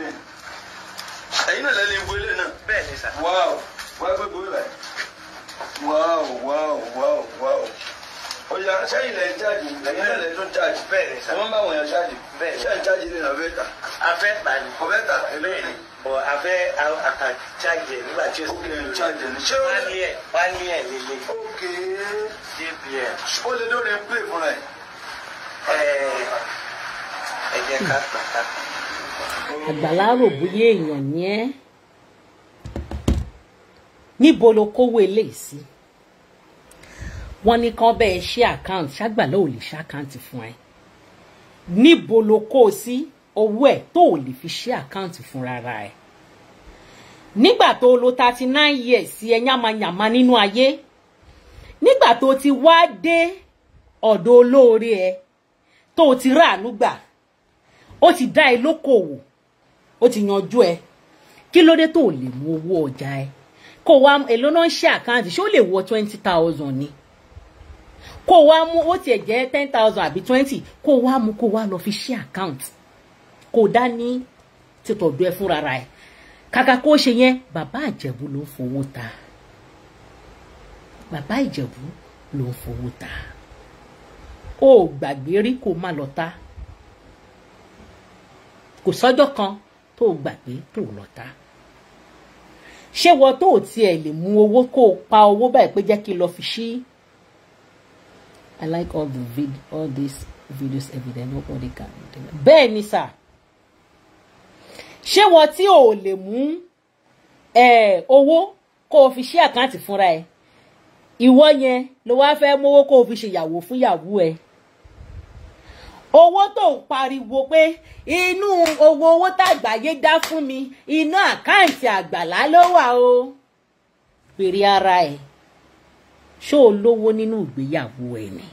lẹ́yìn náà lẹ́yìn tó jáde. bẹ́ẹ̀ ni sà. wọ́n bá wọ̀nyàn jáde. bẹ́ẹ̀ ni sẹ́yìn jáde ní àbẹ́ta. àbẹ́ta ni. àbẹ́ta ni bọ̀ abẹ́ àkàjájẹ nígbà tí o sì kiri jáde ní ṣé o lè wá ní ẹ̀ lélẹ̀. ok dbl. o lè lórí play fún ẹ. ẹ jẹ́ ká pàtà. àgbàlá rò bóyá èèyàn ni ẹ́ níbo lo kówó eléyìí sí wọ́n ní kán bẹ́ẹ̀ ṣe àkáǹtì ṣàgbàlá ò lè ṣàkáǹtì fún ẹ níbo lo kó o sí. Si? ọwọ́ ẹ̀ tó ò lè fi ṣe àkáǹtì fúnra ra ẹ̀ nígbà tó lo thirty nine years sí ẹ yánmayànmá nínú ayé nígbà tó ti wá dé ọ̀dọ̀ olóore ẹ tó ti ráàánú gbà ó ti dá ẹ lókòwò ó ti yanjú ẹ kí ló dé tó lè mú owó ọjà ẹ kó wa èló náà ṣe àkáǹtì ṣé ó lè wọ twenty thousand ni kó wa mú ó tiẹ̀ jẹ́ ten thousand àbí twenty kó wa mú kó wa lọ fi ṣe àkáǹtì kó dání ti tọ̀dọ̀ ẹ fúnra ra ẹ̀ kàkà kó ṣe yẹn bàbá ìjẹ̀bú ló ń fowó ta bàbá ìjẹ̀bú ló ń fowó ta ó gbàgbé rí kó má lọ ta kò sọ́jọ́ kan tó gbàgbé tó lọ ta ṣé wọ́n tó tiẹ̀ lè mú owó kó pa owó báyìí pé jẹ́ kí n lọ fi ṣí. I like all the vid all these videos every day nobody can do ni sir ṣé wọ́n tí ò lè mú owó kó o fi ṣe àkáǹtì fúnra ẹ̀ ìwọ yẹn ló wá fẹ́ mówó kó o fi ṣèyàwó fún ìyàwó ẹ̀ owó tó ń pariwo pé inú owó owó tàgbáyé dá fún mi iná àkáǹtì àgbàlá ló wà o pèrè ara ẹ̀ ṣó o lówó nínú ìgbéyàwó ẹ̀ ni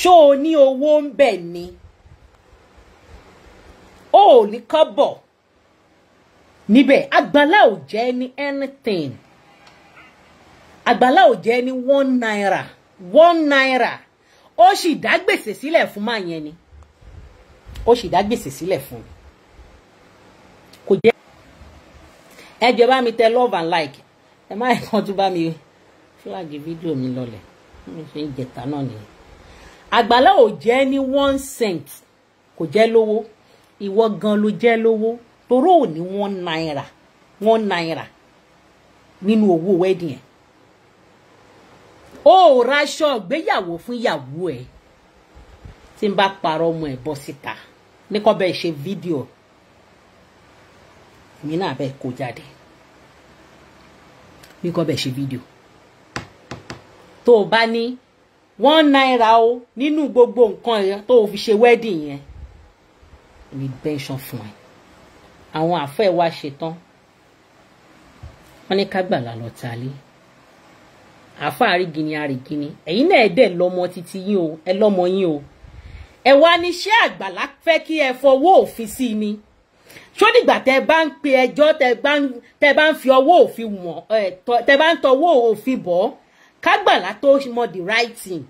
ṣó o ní owó ń bẹ̀ ni ó ò ní kọ́bọ̀ níbẹ̀ àgbàlá ò jẹ́ ní anything àgbàlá ò jẹ́ ní one naira one naira ó sì dá gbèsè sílẹ̀ fún máa yẹn ni ó sì dá gbèsè sílẹ̀ fún un kò jẹ́ ẹ jẹ́ bá mi tẹ love and like ẹ má yẹ kàn tún bá mi fúlàgì fídíò mi lọlẹ̀ mi ṣe ń jẹta náà nìyẹn àgbàlá ò jẹ́ ní one cent kò jẹ́ lówó ìwọ gan ló jẹ́ lówó toró ò ní one náírà one náírà nínú owó wedding ẹ̀ ó ra aṣọ ìgbéyàwó fún ìyàwó ẹ̀ tí n bá parọ́ ọmọ ẹ̀ bọ́ síta ní kọ́ bẹ́ẹ̀ ṣe fídíò èmi náà bẹ́ẹ̀ kó jáde ní kọ́ bẹ́ẹ̀ ṣe fídíò tó o bá ní one náírà o nínú gbogbo nǹkan yẹn tó o fi ṣe wedding yẹn redemption fún ẹ àwọn àfọ ẹ wá ṣetán wọn ní kágbàlà lọ tálé àfọ àrígini àrígini ẹ̀yin náà ẹ dẹ lọ́mọ títí yín o ẹ lọ́mọ yín o ẹ wá ní ṣé àgbàlá fẹ́ kí ẹ fọwọ́ òfin sí ni ṣó nígbà tẹ bá ń pe ẹjọ́ tẹ bá ń fi ọwọ́ òfin wọn tẹ bá ń tọwọ́ òfin bọ̀ kágbàlá tó mọ the right thing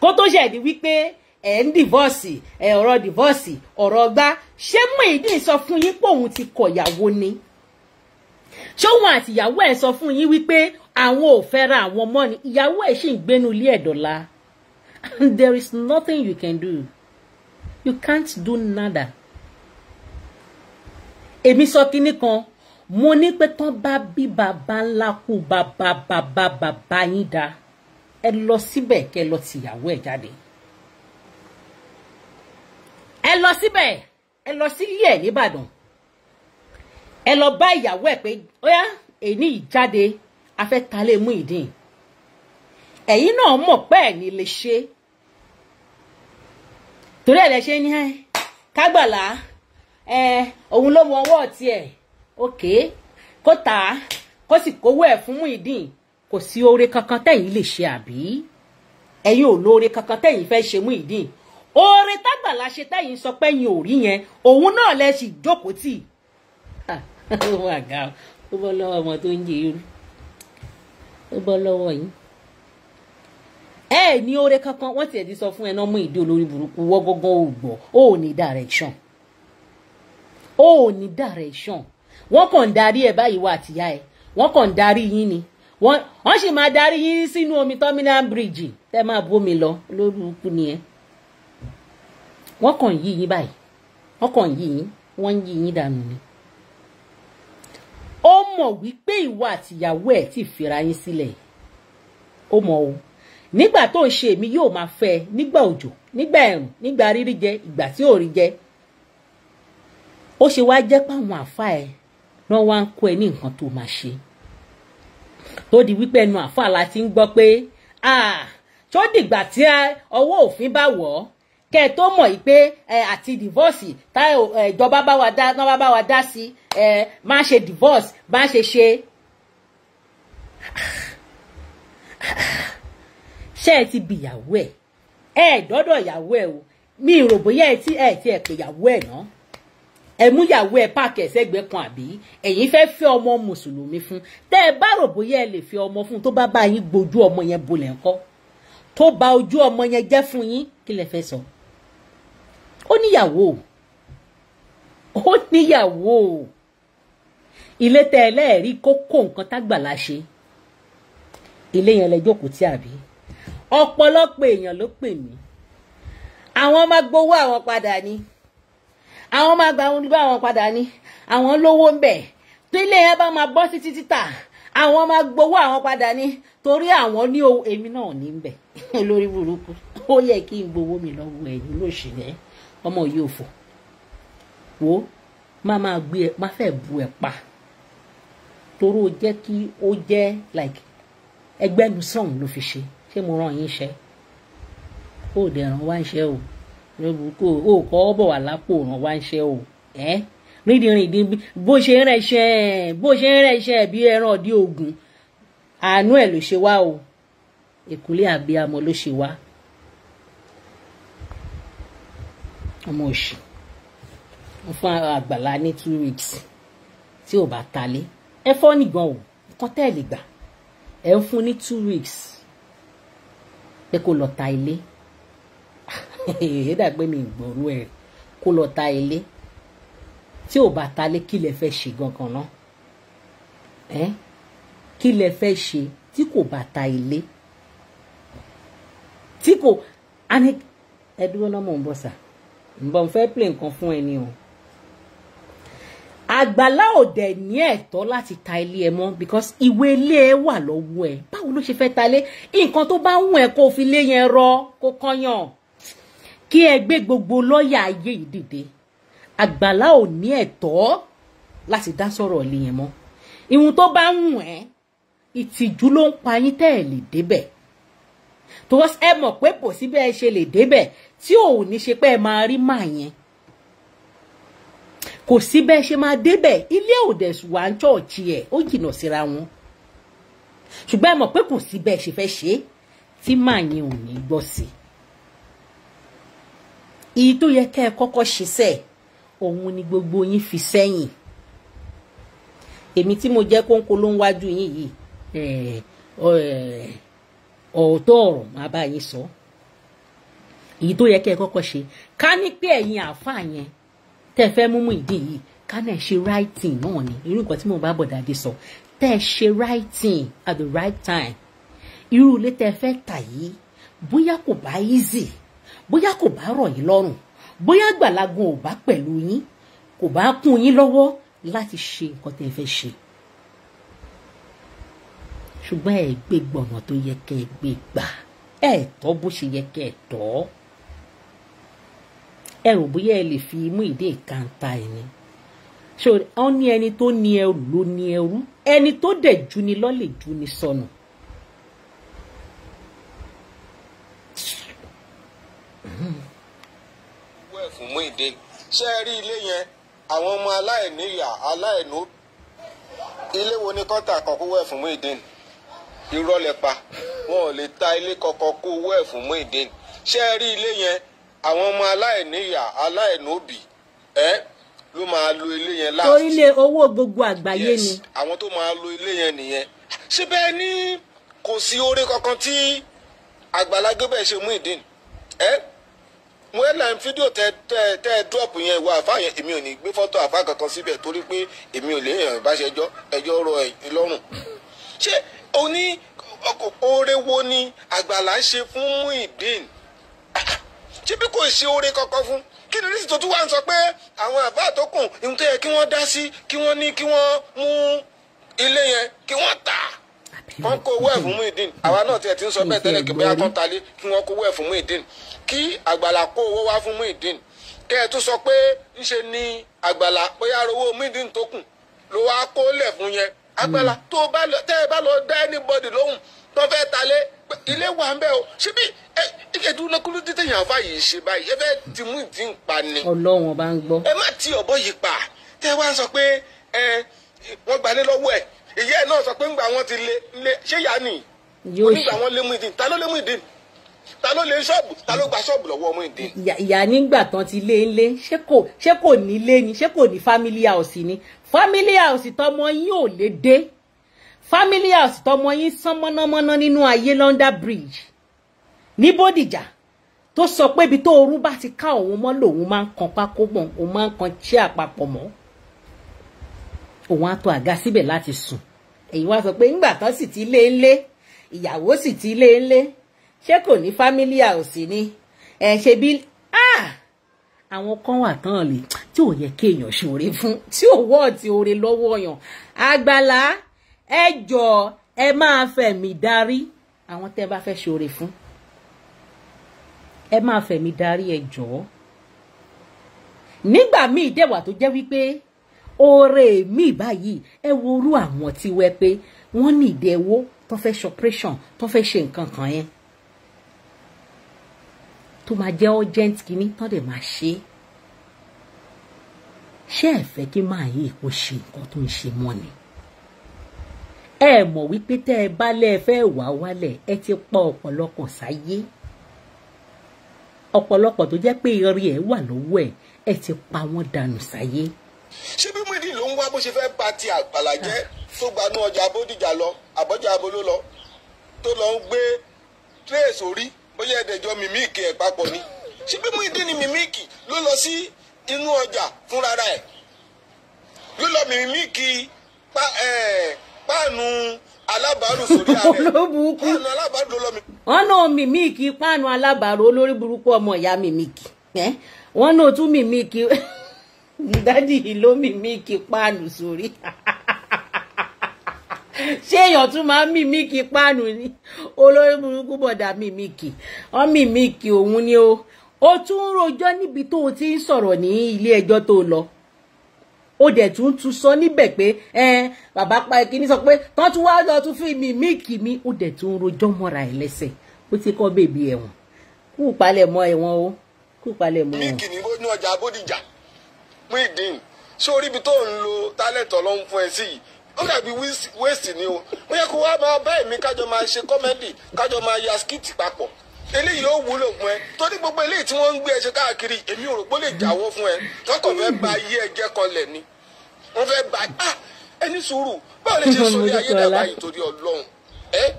kó tó ṣe wípé ẹ̀ ń divorce ẹ̀ ọ̀rọ̀ divorce ọ̀rọ̀ ọgbá ṣé Muyideen sọ fún yín pé òun ti kọ̀ ìyàwó ni ṣé òun àtìyàwó ẹ̀ sọ fún yín wípé àwọn ò fẹ́ra àwọn ọmọ ni ìyàwó ẹ̀ ṣì ń gbénu ilé ẹ̀ and there is nothing you can do you can't do nada èmi sọ kinní kan mo ní pé tán bá bí bàbá ńlá kú bàbá bàbá bàbá yín dá ẹ lọ síbẹ̀ kẹ́ lọ tìyàwó ẹ̀ jáde ẹ lọ síbẹ̀ ẹ lọ sílé ẹ̀ nìbàdàn ẹ lọ bá ìyàwó ẹ̀ pé óyá èyí ìjáde afẹ́ talé e Muyideen ẹ̀yin náà mọ̀ pé ẹ̀ ní lè ṣe torí ẹ̀ lè ṣe ní ẹ kágbàlá ẹ òun ló mọ ọwọ́ tiẹ̀ òkè kó tà á kó sì kówó ẹ̀ fún Muyideen kò sí oore kankan tẹ̀yin lè ṣe àbí ẹ̀yin ò lóore kankan tẹ̀yin fẹ́ ṣe Muyideen oore tágbàlá ṣe tẹ́yìn sọ pé yín ò rí yẹn òun náà lẹ sì jókòó tì ó wà ga ó bọ́ lọ́wọ́ ọmọ tó ń jẹ irú ó bọ́ lọ́wọ́ yín ẹ ní oore kankan wọ́n tiẹ̀ ti sọ fún ẹ náà mú ìdí olórí burúkú wọ́ gángan ò gbọ́ ó ní direction ó ní direction wọ́n kàn ń darí ẹ báyìí wà àtìyá ẹ wọ́n kàn ń darí yín ni wọ́n sì máa darí yín sínú omi terminal bridge tẹ́ máa bómi lọ lórúkú nìyẹn wọ́n kàn yí yín báyìí wọ́n kàn yí yín wọ́n ń yí yín dànù ni. ó mọ̀ wípé ìwọ àtìyàwó ẹ̀ ti fira yín sílẹ̀ ó mọ̀ o nígbà tó ń ṣe èmi yóò máa fẹ́ nígbà òjò nígbà ẹ̀rùn nígbà rírí jẹ ìgbà tí ò rí jẹ ó ṣe wá jẹ́ páwọn àfa ẹ̀ náà wá ń kó ẹ ní nǹkan tó máa ṣe tó di wípé ẹnu àfa la ti ń gbọ́ pé ah tó dìgbà tí ọwọ́ òfin bá wọ̀ ọ́ kẹ́ ẹ tó mọ̀ yìí pé àti divorce tá ìjọba bá wa dá náà bá wa dá sí má ṣe divorce má ṣe ṣe. ṣé ẹ ti bi ìyàwó ẹ ẹ dọ́dọ̀ ìyàwó ẹ o mi ò rò bóyá ẹ ti ẹ ti ẹ pè ìyàwó ẹ náà ẹ mú ìyàwó ẹ páàkì ẹsẹgbẹẹ kan àbí ẹ̀yin fẹ́ fẹ́ ọmọ mùsùlùmí fún tẹ́ ẹ bá rò bóyá ẹ lè fi ọmọ fún tó bá bá yín gbojú ọmọ yẹn bolẹ̀ ńkọ́ tó bà ojú ọmọ yẹn jẹ́ fún yín kí lẹ fẹ́ sọ. So ó níyàwó ó níyàwó ilé tẹ ẹlẹ́ẹ̀rí kókó nǹkan tágbàlá ṣe ilé yẹn lẹ jókòó tí àbí ọ̀pọ̀lọpọ̀ èèyàn ló pè mí àwọn máa gbowó àwọn padà ni àwọn máa gba ohun gbọ́ àwọn padà ni àwọn lówó ń bẹ̀ tó ilé yẹn bá máa bọ́ títí tà àwọn máa gbowó àwọn padà ni torí àwọn ní ohun èmi náà ní bẹ̀ lórí burúkú ó yẹ kí n gbowó mi lọ́wọ́ ẹ̀yìn lóṣìlẹ̀ ọmọ yìí ò fò wo máa máa gbé ẹ máa fẹ́ bu ẹ pa torí ó jẹ́ kí ó jẹ́ like ẹgbẹ́nu sọ̀hún ló fi ṣe ṣé mo ràn yín ṣe ó dẹ̀ ràn wá ń ṣe o ó kọ́ ọ́ bọ̀ wà lápò ràn wá ń ṣe o ẹ́ rídìrídìn bó ṣe ń rẹṣẹ bó ṣe ń rẹṣẹ bí ẹran ọdí ogun àánú ẹ ló ṣe wá o èkúlé àbíamọ ló ṣe wá ọmọ òṣì mo fún àgbàlá ní two weeks tí ò bá talé ẹ fọ́ nìgbọ̀n o nǹkan tẹ́ ẹ̀ lè gbà ẹ̀ ń fún ní two weeks pé kó lọ ta ilé ẹ dàgbé mi ìgbòrú ẹ kó lọ ta ilé tí ò bá talé kí lẹ fẹ́ ṣe gangan náà ẹ kí lẹ fẹ́ ṣe tí kò bá ta ilé tí kò ẹdúró náà mò ń bọ̀ sáà ǹbọ̀ n fẹ́ play nǹkan fún ẹni o àgbàlá ò dẹ̀ ní ẹ̀tọ́ láti ta ilé ẹ mọ́ because ìwé ilé ẹ wà lọ́wọ́ ẹ báwo ló ṣe fẹ́ ta lé nǹkan tó bá wùn ẹ kó fi lé yẹn rọ kó kọ́yàn kí ẹ gbé gbogbo lọ́ọ̀yà ayé yìí dìde àgbàlá ò ní ẹ̀tọ́ láti dá sọ̀rọ̀ ilé yẹn mọ́ ìhun tó bá wùn ẹ ìtìjú ló ń pa yín tẹ́ ẹ̀ lè débẹ̀ towards ẹ mọ̀ pé kò sí bẹ́ẹ̀ ṣe lè débẹ̀ tí ò ní ṣe pé ẹ máa rí màá yẹn kò sí bẹ́ẹ̀ ṣe máa débẹ̀ ilé òde wà ń chọ́ọ̀chì ẹ̀ ó jìnnà síra wọn ṣùgbọ́n ẹ mọ̀ pé kò sí bẹ́ẹ̀ ṣe fẹ́ ṣe tí màá yẹn ò ní gbọ́ sí i tó yẹ kẹ́ ẹ kọ́kọ́ ṣe sẹ́ òun ni gbogbo yín fi sẹ́yìn èmi tí mo jẹ́ kóńkó ló ń wájú yín yìí ọ̀ọ́tọ̀ ọ̀rọ̀ máa bá yín sọ. So èyí tó yẹ kẹ́ ẹ kọ́kọ́ ṣe ká ní pé ẹ̀yin àáfàá yẹn tẹ́ ẹ fẹ́ mú mú ìdí yìí ká náà ṣe writing náà ni irú nǹkan tí mo bá bọ̀ dáadé sọ tẹ́ ẹ ṣe writing at the right time irú ilé tẹ́ ẹ fẹ́ tà yìí bóyá kò bá easy bóyá kò bá rọ̀ yín lọ́rùn bóyá gbàlagun ò bá pẹ̀lú yín kò bá kún yín lọ́wọ́ láti ṣe nǹkan tẹ́ ẹ fẹ́ ṣe ṣùgbọ́n ẹ gbé gbọ̀nà tó yẹ kẹ́ ẹ gbé gbà ẹ tọ́ bó ṣe yẹ kẹ́ ẹ tọ́ ẹ rò bóyá ẹ lè fi imú ìdí ìkanta ẹ ni so ọ ní ẹni tó ní ẹrù ló ní ẹrú ẹni tó dẹ̀ ju ni lọ lè ju ni sọnù. wẹ́ẹ̀ fún mú ìdè ṣé ẹ rí ilé yẹn àwọn ọmọ aláìníyà aláìnú ilé wo ni kọ́ńtà kan kó wẹ́ẹ̀ fún mú ìdè ni irọ́ lẹ pa wọn ò lè ta ilé kọ̀ọ̀kan kó wẹ́ẹ̀ fún mú ìdè ni ṣé ẹ rí ilé yẹn àwọn ọmọ aláìníyà aláìnóbì ẹ ló máa lo ilé yẹn láti. torí lé owó gbogbo àgbáyé ni. àwọn tó máa lo ilé yẹn nìyẹn síbẹ̀ ní kò sí oore kankan tí Àgbàlá Gabriel ṣe Muyideen ẹ mo headline fídíò tẹ tẹ tẹ drop yẹn wá àfa yẹn èmi ò ní gbé fọ́tò àfa kankan síbẹ̀ torí pé èmi ò lè yàn ìbáṣe ẹjọ́ ẹjọ́ rọ ẹ lọ́rùn. ṣé o ní oore wo ni Àgbàlá ṣe fún Muyideen ṣé bí kò ṣe oore kankan fún kí ni lísì tó tún wá ń sọ pé àwọn àbá tó kù ohun tó yẹ kí wọ́n dá sí kí wọ́n ní kí wọ́n mú ilé yẹn kí wọ́n tà wọ́n kó owó ẹ̀ fún Muyideen àwa náà tiẹ̀ ti ń sọ bẹ́ẹ̀ tẹ́lẹ̀ kí bóyá tán talé kí wọ́n kó owó ẹ̀ fún Muyideen kí àgbàlá kó owó wá fún Muyideen kẹ́ ẹ tún sọ pé ńṣe ni àgbàlá bóyá owó Muyideen tó kù ló wá kó lẹ̀ fún yẹn àgbàlá hmm. tó bá lọ tẹ́ ẹ bá lọ dá anybody lóhùn tó fẹ́ talé ilé wà ń bẹ o ṣebí ẹ ìkẹdùnlọkùnrin dídé yàn fà yìí ṣe báyìí ẹ fẹ́ ti mú ìdí ń pa ni. Ọlọ́run bá ń gbọ́. ẹ má ti ọ̀bọ yìí pa tẹ wá sọ pé ẹ wọ́n gbalé lọ́wọ́ ẹ̀ ìyá ẹ̀ náà sọ pé ńgbà wọn ti lé lé ṣé yá ni onígbà wọn lé mú ìdí ta ló lé mú ìdí ta ló lé ṣọ́ọ̀bù ta ló gba ṣọ́ọ̀bù lọ́wọ́ ọmọ ìdí. ìyá nígbà tán ti lé lé ṣé kò ṣé kò ní lé ni ṣé kò ní family house ni family house tọmọ yín ò lè dé family house tọmọ yín sán mọ́nàmọ́ná nínú ayé London Bridge ní Bódìjà tó sọ pé ibi tó orú bá ti ká òun mọ́ lòun máa ń kan pákó mọ́ òun máa ń kan tí àpapọ̀ mọ́ òun á to àga síbẹ̀ láti sùn èyí wá sọ pé ńgbà tán sì ti lé ńlé ìyàwó ti lé ńlé ṣé kò family house ni ẹ ṣe bí ah! àwọn kan wà tán lè tí ò yẹ kéèyàn ṣòre fún tí ò wọ́ọ̀tì oore lọ́wọ́ yàn àgbàlá ẹ jọ̀ọ́ ẹ máa fẹ̀mí darí àwọn tẹ́ bá fẹ́ ṣoore fún ẹ máa fẹ̀mí darí ẹ jọ̀ọ́ nígbà míì dẹ̀wà tó jẹ́ wípé oore mi báyìí ẹ worú àwọn tí wẹ́ pé wọ́n ní ìdẹ́wó tó fẹ́ ṣe operation tó fẹ́ ṣe nǹkan kan yẹn tó máa jẹ́ urgent kínní tán dẹ̀ máa ṣe é ṣé ẹ fẹ́ kí máa yí kó ṣe nǹkan tó ń ṣe mọ́ ni ẹ mọ̀ wípé tẹ́ ẹ bá lẹ́ ẹ fẹ́ wà wálẹ̀ ẹ ti pa ọ̀pọ̀lọpọ̀ sáyé ọ̀pọ̀lọpọ̀ tó jẹ́ pé irin ẹ̀ wà lọ́wọ́ ẹ̀ ẹ ti pa wọ́n dànù sáyé. ṣé bí Muyideen ló ń wá bó ṣe fẹ́ ba ti Àgbàlá jẹ́ tó gbanú ọjà Bódìjà lọ àbọ́jà aboló lọ tó lọ ń gbé tírèsì orí bóyá ẹ̀dẹ̀jọ́ mímíìkì ẹ̀ papọ̀ ni ṣé bí Muyideen ni mímíìkì ló lọ sí inú ọjà fúnra rẹ̀ ló lọ mímíìkì pa ẹ̀ẹ́ páànù alábàárò sórí ààrẹ páànù alábàárò lọ́mí. wọ́n náà mímíkì páànù alábàárò olórí burúkú ọmọ ìyá mímíkì wọ́n náà tún mímíkì dádì yìí ló mímíkì páànù sórí ṣé èèyàn tún máa ń mímíkì páànù ni olórí burúkú bọ̀dà mímíkì wọ́n mímíkì òun ni o ó tún ń rojọ́ níbi tó o ti ń sọ̀rọ̀ ní ilé ẹjọ́ tó lọ. ó dẹ̀ tún tún sọ níbẹ̀ pé bàbá pa kínní sọ pé tán tún wá lọ tún fún mi míìkì mi ó dẹ̀ tún rojọ́ mọ́ra ẹ̀ lẹ́sẹ̀ ó ti kọ́ bèbí ẹ̀wọ̀n kú palẹ̀ mọ́ ẹ̀wọ̀n o kú palẹ̀ mọ́ ẹ̀wọ̀n. míìkì ni ó ní ọjà Bódìjà Muyideen sórí ibi tó ń lo tálẹ̀tọ̀ ló ń fún ẹ sí yìí ó dàbí wéèsì ni o mo yẹ kó wá máa bá èmi kájọ máa ṣe kọ́mẹ́dì kájọ máa ya skiti papọ̀ eléyìí ó wúlò fún ẹ torí gbogbo eléyìí tí wọ́n ń gbé ẹ ṣe káàkiri èmi ò rò pé ó lè jáwọ́ fún ẹ wọ́n kàn gba ayé ẹ jẹ́ kanlẹ̀ ni wọ́n fẹ́ gbà ah ẹni sùúrù báwo lè ṣe sórí ayé dàgbà yìí torí ọlọ́run ẹ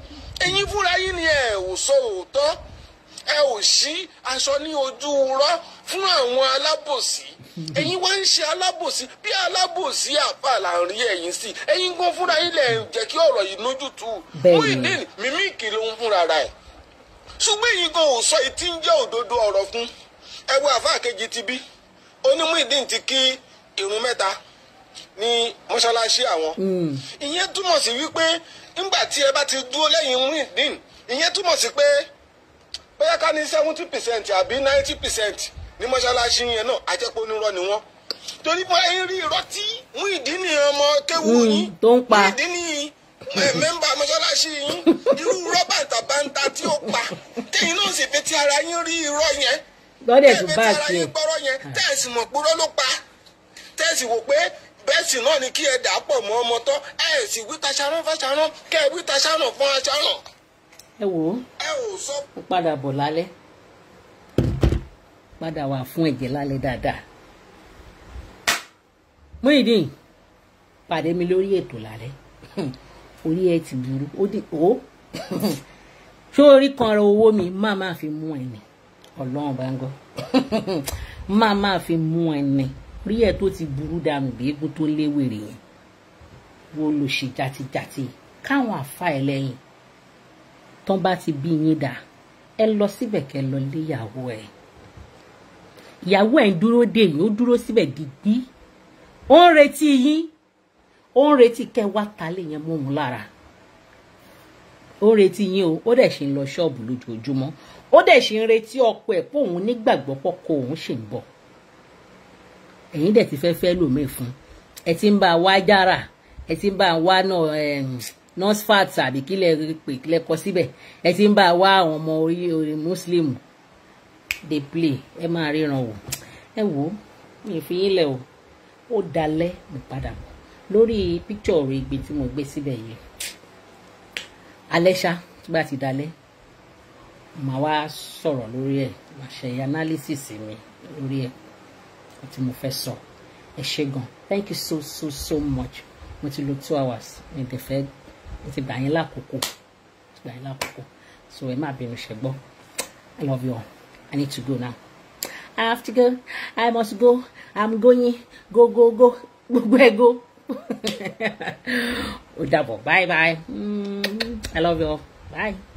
ẹ̀yin fúnra yín ni ẹ ò sọ òótọ́ ẹ ò sí aṣọ ní ojú rọ́ fún àwọn alábòsí ẹ̀yin wá ń ṣe alábòsí bí alábòsí àpá là ń rí ẹ̀yin sí ẹ̀yin gan fúnra yín lẹ jẹ́ kí ọ̀rọ̀ yìí lójútu Muyideen mímíkì ló ń fúnra rẹ̀ ṣùgbọ́n ẹ̀yin gan ò sọ ìtí ń jẹ́ òdodo ọ̀rọ̀ fún ẹ wo àfáà kejì ti bí onímọ̀ ìdí ti kí irun mẹ́ta ní mọ́ṣáláṣí àwọn. Hmm. ìyẹn túmọ̀ sí wípé ńgbà tí ẹ bá ti dúró lẹ́yìn Muyideen ìyẹn túmọ̀ sí pé bóyá ká ní seventy percent àbí ninety percent ní mọ́ṣáláṣí yẹn náà àjẹpọ̀ onírọ́ ni wọ́n torí bóyá ń rí irọ́ tí Muyideen ọmọ kéwu hmm, yín Muyideen eh, mẹ́mbà mọ́ṣáláṣí yín irú rọ́bà tàbáńtà tí ó pa tẹ̀yìn náà sì fi ti ara yín rí irọ́ yẹn tẹ̀yìn fi ti ara yín gbọ́rọ́ yẹn ah. mọ̀ púrọ́ ló pa tẹ̀sí wò pé bẹ́ẹ̀ sì náà ni kí ẹ dà pọ̀ mọ́ ọmọ tán ẹ sì wí taṣarán fáṣarán kẹ ẹ wí taṣarán fún aṣarán. ẹ wò ó ẹ padà bọ̀ lálẹ́ padà wà fún ẹ̀jẹ̀ lálẹ́ dáadáa Muyideen pàdé mi lórí ètò lálẹ́ orí ẹ ti burú ó di ó ṣó orí kan ra owó mi máa máa fi mú ẹni ọlọ́run bá ń gọ́ máa máa fi mú ẹni rí ẹ tó ti burú dànù bí eégún tó léwèrè yẹn wo lò ṣe jàtijàti káwọn àfa ẹ lẹ́yìn tán bá ti bí yín dà ẹ lọ síbẹ̀ kẹ́ lọ léyàwó ẹ ìyàwó ẹ ń dúró dè yín ó dúró síbẹ̀ digbí ó ń retí yín ó ń retí kẹ́ wá talé yẹn mọ́ òun lára ó ń retí yín o ó dẹ̀ ṣe ń lọ ṣọ́ọ̀bù lójoojúmọ́ ó dẹ̀ ṣe ń retí ọkọ ẹ̀ pé òun nígbàgbọ́ òun ṣì ń bọ̀ ẹ̀yin dẹ̀ ti fẹ́ fẹ́ lòmíì fún ẹ ti ń bá a wá jára ẹ ti ń bá a wá náà nursepat àbí kílẹ̀ pè kílẹ̀ kọ síbẹ̀ ẹ ti ń bá a wá àwọn ọmọ orí muslim dey play ẹ máa ríran o ẹ wò mi fi yín lẹ̀ o ó dalẹ̀ mo padà bọ̀ lórí píkṣọ̀ rẹ̀ gbé tí mo gbé síbẹ̀ yẹn alẹ́ ṣá tó bá ti dalẹ̀ màá wá sọ̀rọ̀ lórí ẹ̀ màá ṣe analysis mi lórí ẹ̀ tí mo fẹ́ sọ ẹ ṣé gan thank you so so so much mo ti lo two hours mi tẹ fẹ́ mo ti gbà yín lákòókò ti gbà yín lákòókò so ẹ má bínú ṣẹgbọ́ I love you all I need to go now I have to go I must go I'm going go go go gbogbo ẹ go ó dàbọ̀ bye bye mm, I love you all bye.